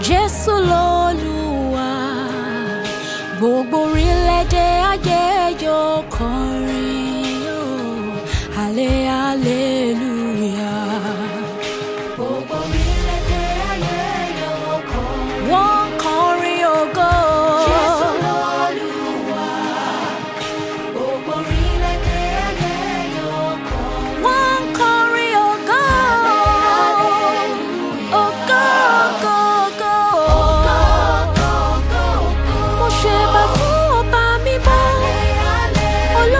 Jésù lolúwa gbogbo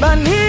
But